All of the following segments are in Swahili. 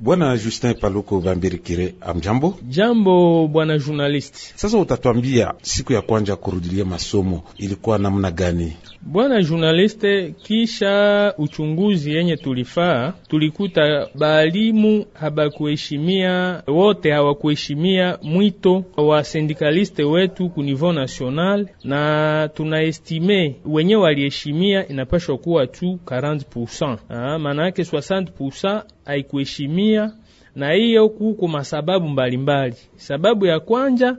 Bwana Justin Paluku Bambirikire, amjambo. Jambo bwana journalist. Sasa utatwambia siku ya kwanza kurudilia masomo ilikuwa namna gani? Bwana journaliste, kisha uchunguzi yenye tulifaa tulikuta baalimu habakuheshimia, wote hawakuheshimia mwito wa sindikaliste wetu ku niveau national, na tunaestime wenye waliheshimia inapashwa kuwa tu 40%. maana yake 60% haikuheshimia, na hiyo kuko masababu mbalimbali. Sababu ya kwanja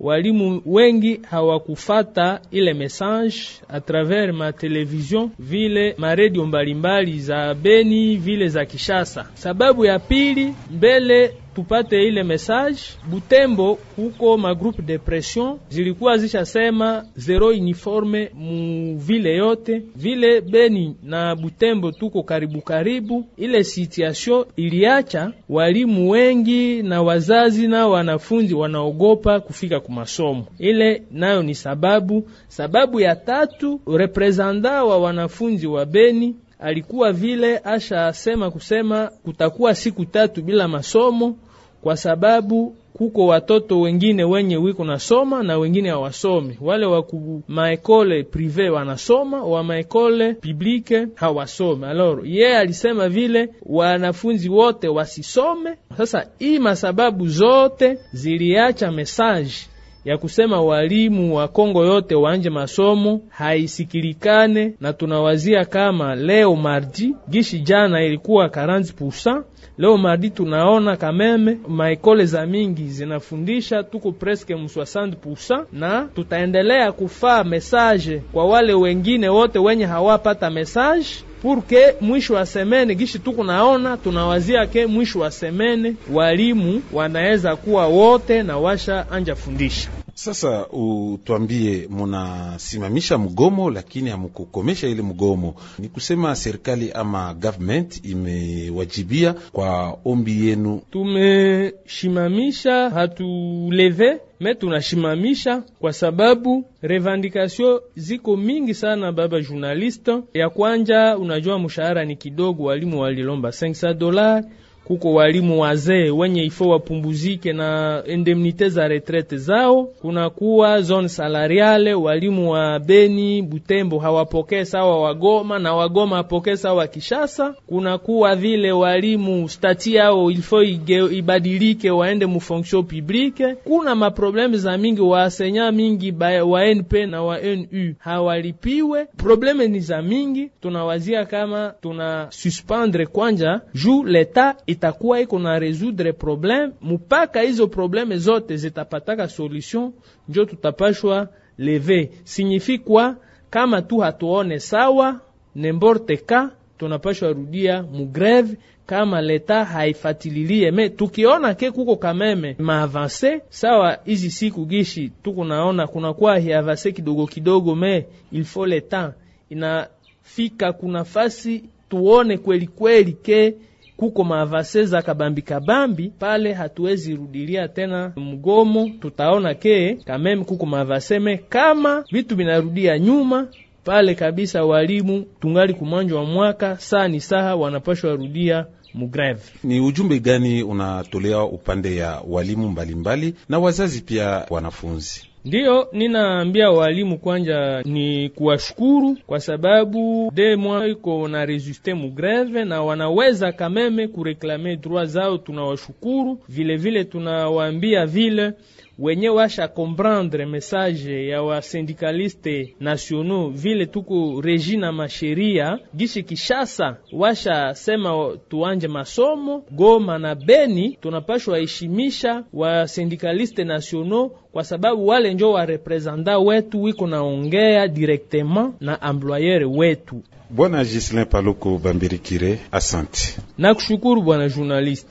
walimu wengi hawakufata ile message a travers ma television vile ma radio mbalimbali za Beni vile za Kishasa. Sababu ya pili mbele tupate ile message Butembo huko magroupe de pression zilikuwa zishasema zero uniforme mu vile yote vile Beni na Butembo tuko karibu karibu. Ile situation iliacha walimu wengi na wazazi na wanafunzi wanaogopa kufika ku masomo Ile nayo ni sababu. Sababu ya tatu, representa wa wanafunzi wa Beni alikuwa vile asha kusema kutakuwa siku tatu bila masomo kwa sababu kuko watoto wengine wenye wiko nasoma na wengine hawasomi. Wale wa maekole prive wanasoma, wa maekole publike hawasomi. Alors ye alisema vile wanafunzi wote wasisome. Sasa hii masababu zote ziliacha mesaji ya kusema walimu wa Kongo yote wanje masomo haisikilikane, na tunawazia kama leo mardi gishi jana ilikuwa 40%, leo mardi tunaona kameme maekole za mingi zinafundisha tuko preske mu 60%, na tutaendelea kufaa mesaje kwa wale wengine wote wenye hawapata mesaje purke mwisho wa semene gishi tuku naona tunawazia ke mwisho wa semene walimu wanaweza kuwa wote na washa anja fundisha sasa utwambie, munasimamisha mgomo lakini hamkukomesha ile mgomo. Ni kusema serikali ama government imewajibia kwa ombi yenu? Tumeshimamisha, hatuleve me tunashimamisha kwa sababu revendikasio ziko mingi sana, baba journaliste. Ya kwanja, unajua mshahara ni kidogo, walimu walilomba 500 dola kuko walimu wazee wenye ifo wapumbuzike na indemnite za retrete zao. Kunakuwa zone salariale, walimu wa Beni, Butembo hawapokee sawa wagoma na wagoma apokee sawa Kishasa. Kunakuwa vile walimu stati yao ilfo ibadilike, waende mu fonction publique. Kuna maprobleme za mingi, waasenya mingi ba, wa NP na wa NU hawalipiwe. Probleme ni za mingi, tunawazia kama tuna suspendre kwanja ju leta itakuwa iko na resoudre probleme mupaka hizo probleme zote zitapataka solution, njo tutapashwa leve. Signifi kwa kama tu hatuone sawa nemborte ka tunapashwa rudia mugreve kama leta haifatililie me tukiona ke kuko kameme maavanse sawa. Hizi siku gishi tukunaona kunakuwa hiavanse kidogo kidogo, me ilfo leta inafika fasi tuone kweli kweli ke kuko maavase za kabambi kabambi pale, hatuwezi rudilia tena mgomo. Tutaona ke kameme kuko maavaseme kama vitu vinarudia nyuma pale kabisa, walimu tungali kumwanjo wa mwaka saa ni saha wanapashwa rudia mugreve. Ni ujumbe gani unatolea upande ya walimu mbalimbali mbali, na wazazi pia wanafunzi? Ndiyo, ninaambia walimu kwanja ni kuwashukuru kwa sababu de mwa iko na resiste mu greve na wanaweza kameme kureklame droit zao. Tunawashukuru vilevile, tunawaambia vile wenye washa komprandre message ya wasyndikaliste nationaux vile tuko reji na masheria gishi Kishasa washa sema tuanje masomo Goma na Beni, tunapashwa waheshimisha wasindikaliste nationaux kwa sababu wale wale njo wa reprezanta wetu wiko naongea directement na employeur wetu. Bwana Gislin Paluku Bambirikire, asante na kushukuru bwana journaliste.